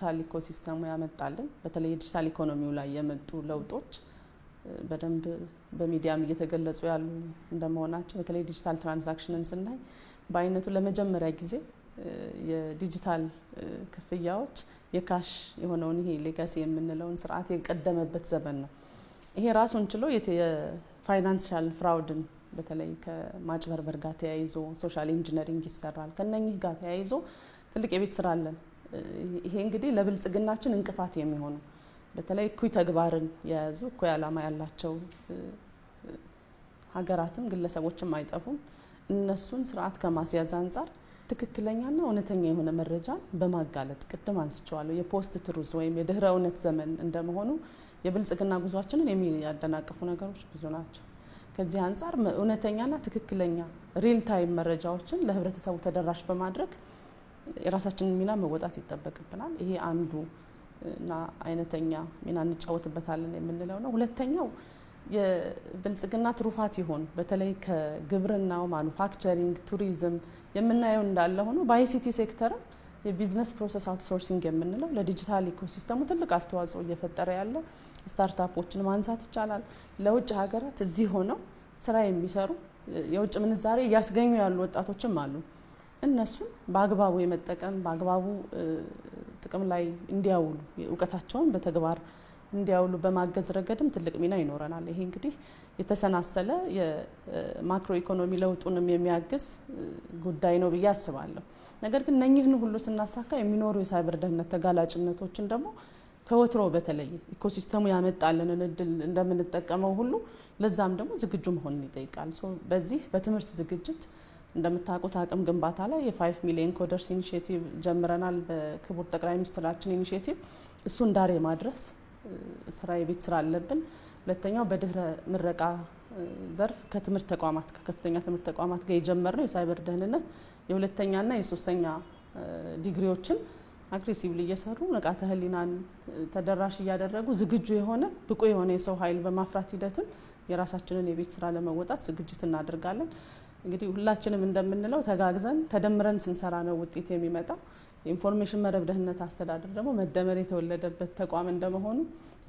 ዲጂታል ኢኮሲስተሙ ያመጣልን በተለይ የዲጂታል ኢኮኖሚው ላይ የመጡ ለውጦች በደንብ በሚዲያም እየተገለጹ ያሉ እንደመሆናቸው በተለይ ዲጂታል ትራንዛክሽንን ስናይ በአይነቱ ለመጀመሪያ ጊዜ የዲጂታል ክፍያዎች የካሽ የሆነውን ይሄ ሌጋሲ የምንለውን ስርዓት የቀደመበት ዘመን ነው። ይሄ ራሱን ችሎ የፋይናንሻል ፍራውድን በተለይ ከማጭበርበር ጋር ተያይዞ ሶሻል ኢንጂነሪንግ ይሰራል። ከነኚህ ጋር ተያይዞ ትልቅ የቤት ስራ አለን። ይሄ እንግዲህ ለብልጽግናችን እንቅፋት የሚሆኑ በተለይ እኩይ ተግባርን የያዙ እኩይ ዓላማ ያላቸው ሀገራትም ግለሰቦችም አይጠፉም። እነሱን ስርዓት ከማስያዝ አንጻር ትክክለኛና እውነተኛ የሆነ መረጃን በማጋለጥ ቅድም አንስቸዋለሁ፣ የፖስት ትሩዝ ወይም የድህረ እውነት ዘመን እንደመሆኑ የብልጽግና ጉዟችንን የሚያደናቅፉ ነገሮች ብዙ ናቸው። ከዚህ አንጻር እውነተኛና ትክክለኛ ሪል ታይም መረጃዎችን ለህብረተሰቡ ተደራሽ በማድረግ የራሳችንን ሚና መወጣት ይጠበቅብናል። ይሄ አንዱ እና አይነተኛ ሚና እንጫወትበታለን የምንለው ነው። ሁለተኛው የብልጽግና ትሩፋት ይሆን በተለይ ከግብርናው፣ ማኑፋክቸሪንግ፣ ቱሪዝም የምናየው እንዳለ ሆኖ በአይሲቲ ሴክተርም የቢዝነስ ፕሮሰስ አውትሶርሲንግ የምንለው ለዲጂታል ኢኮሲስተሙ ትልቅ አስተዋጽኦ እየፈጠረ ያለ ስታርታፖችን ማንሳት ይቻላል። ለውጭ ሀገራት እዚህ ሆነው ስራ የሚሰሩ የውጭ ምንዛሬ እያስገኙ ያሉ ወጣቶችም አሉ። እነሱን በአግባቡ የመጠቀም በአግባቡ ጥቅም ላይ እንዲያውሉ እውቀታቸውን በተግባር እንዲያውሉ በማገዝ ረገድም ትልቅ ሚና ይኖረናል። ይሄ እንግዲህ የተሰናሰለ የማክሮ ኢኮኖሚ ለውጡንም የሚያግዝ ጉዳይ ነው ብዬ አስባለሁ። ነገር ግን እነኚህን ሁሉ ስናሳካ የሚኖሩ የሳይበር ደህንነት ተጋላጭነቶችን ደግሞ ከወትሮ በተለየ ኢኮሲስተሙ ያመጣልንን እድል እንደምንጠቀመው ሁሉ ለዛም ደግሞ ዝግጁ መሆንን ይጠይቃል። በዚህ በትምህርት ዝግጅት እንደምታውቁት አቅም ግንባታ ላይ የፋይቭ ሚሊዮን ኮደርስ ኢኒሽቲቭ ጀምረናል። በክቡር ጠቅላይ ሚኒስትራችን ኢኒሽቲቭ እሱን ዳር የማድረስ ስራ የቤት ስራ አለብን። ሁለተኛው በድህረ ምረቃ ዘርፍ ከትምህርት ተቋማት ከከፍተኛ ትምህርት ተቋማት ጋር የጀመርነው የሳይበር ደህንነት የሁለተኛና የሶስተኛ ዲግሪዎችን አግሬሲቭሊ እየሰሩ ንቃተ ህሊናን ተደራሽ እያደረጉ ዝግጁ የሆነ ብቁ የሆነ የሰው ኃይል በማፍራት ሂደትም የራሳችንን የቤት ስራ ለመወጣት ዝግጅት እናደርጋለን። እንግዲህ ሁላችንም እንደምንለው ተጋግዘን ተደምረን ስንሰራ ነው ውጤት የሚመጣው። የኢንፎርሜሽን መረብ ደህንነት አስተዳደር ደግሞ መደመር የተወለደበት ተቋም እንደመሆኑ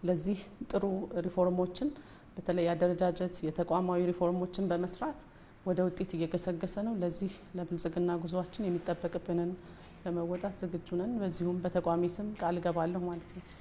ለዚህ ጥሩ ሪፎርሞችን በተለይ አደረጃጀት የተቋማዊ ሪፎርሞችን በመስራት ወደ ውጤት እየገሰገሰ ነው። ለዚህ ለብልጽግና ጉዟችን የሚጠበቅብንን ለመወጣት ዝግጁ ነን። በዚሁም በተቋሚ ስም ቃል እገባለሁ ማለት ነው።